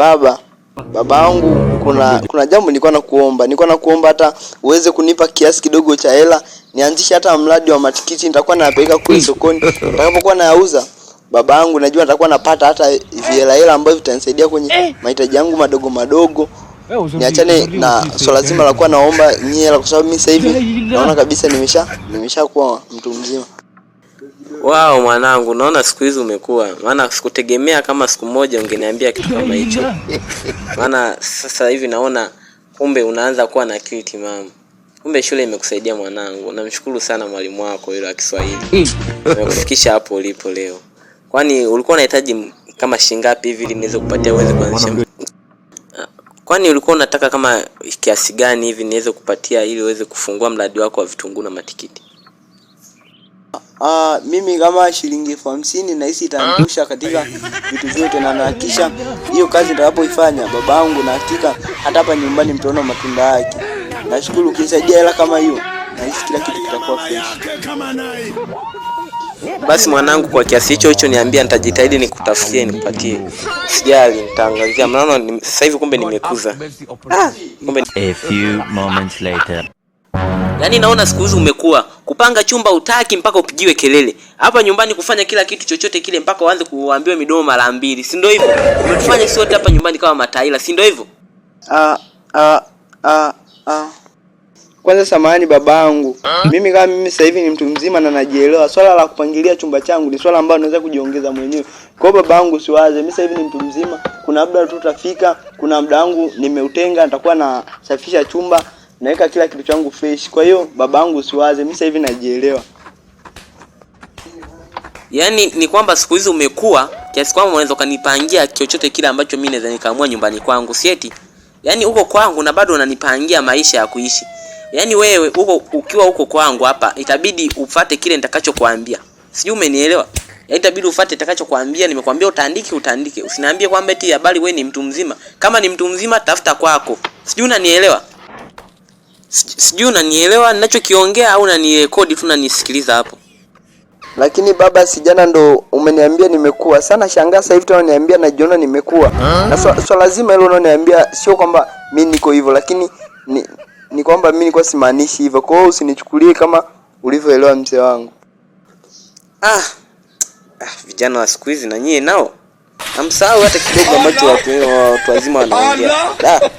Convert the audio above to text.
baba baba yangu, kuna kuna jambo nilikuwa nakuomba, nilikuwa nakuomba hata uweze kunipa kiasi kidogo cha hela, nianzishe hata mradi wa matikiti, nitakuwa nayapeleka kule sokoni, nitakapokuwa nayauza baba yangu, najua nitakuwa napata hata vihela hela ambavyo vitanisaidia kwenye eh. mahitaji yangu madogo madogo. Eh, Niachane na swala zima la kuwa naomba nyie hela, kwa sababu mimi sasa hivi naona kabisa nimesha nimesha kuwa mtu mzima. Wao mwanangu, naona siku hizi umekuwa, maana sikutegemea kama siku moja ungeniambia kitu kama hicho, maana sasa hivi naona kumbe unaanza kuwa na akili timamu. Kumbe shule imekusaidia mwanangu. Namshukuru sana mwalimu wako yule wa Kiswahili amekufikisha hapo ulipo leo. Kwani ulikuwa unahitaji kama shilingi ngapi hivi ili niweze kupatia uweze kuanzisha? Kwani ulikuwa unataka kama kiasi gani hivi niweze kupatia ili uweze kufungua mradi wako wa vitunguu na matikiti? Uh, mimi kama shilingi elfu hamsini nahisi itanitosha katika vitu vyote, na nahakisha hiyo kazi nitakapoifanya, babangu na hakika hata hapa nyumbani mtaona matunda yake. Nashukuru, ukinisaidia hela kama hiyo, nahisi kila kitu kitakuwa fresh. Basi mwanangu, kwa kiasi hicho hicho niambia, nitajitahidi nikutafutie nikupatie. Sijali, nitaangazia. Mnaona sasa hivi kumbe nimekuza. Ah, kumbe. A few moments later. Yaani naona siku hizi umekuwa kupanga chumba utaki mpaka upigiwe kelele. Hapa nyumbani kufanya kila kitu chochote kile mpaka uanze kuambiwa midomo mara mbili. Si ndio hivyo? Umetufanya sisi wote hapa nyumbani kama mataila, si ndio hivyo? Ah ah ah ah. Kwanza samahani babangu. Mimi kama mimi sasa hivi ni mtu mzima na najielewa. Swala la kupangilia chumba changu ni swala ambalo naweza kujiongeza mwenyewe. Kwa hiyo babangu, siwaze. Mimi sasa hivi ni mtu mzima. Kuna muda tu tutafika, kuna muda wangu nimeutenga nitakuwa nasafisha chumba naweka kila kitu changu fresh. Kwa hiyo babangu, usiwaze, mimi sasa hivi najielewa. Yaani ni kwamba siku hizi umekuwa kiasi kwamba unaweza ukanipangia chochote kile ambacho mimi naweza nikaamua nyumbani kwangu, sieti. eti yaani uko kwangu na bado unanipangia maisha ya kuishi. Yaani wewe huko ukiwa huko kwangu hapa, itabidi ufate kile nitakachokuambia. Sijui umenielewa? Ya yaani itabidi ufate nitakachokuambia. nimekuambia utaandike, utaandike. Usiniambie kwamba eti habari wewe ni mtu mzima. Kama ni mtu mzima, tafuta kwako. Sijui unanielewa? Sijui unanielewa ninachokiongea au unanirekodi tu unanisikiliza hapo? Lakini baba, sijana ndo umeniambia nimekuwa sana. Shangaa sasa hivi tu unaniambia najiona nimekuwa Na swala so, so zima hilo unaoniambia, sio kwamba mimi niko hivyo, lakini ni, ni kwamba mimi nilikuwa simaanishi hivyo. Kwa hiyo usinichukulie kama ulivyoelewa mzee wangu. Ah, ah vijana wa siku hizi na nyie nao namsahau hata kidogo ambacho watu wazima wanaongea.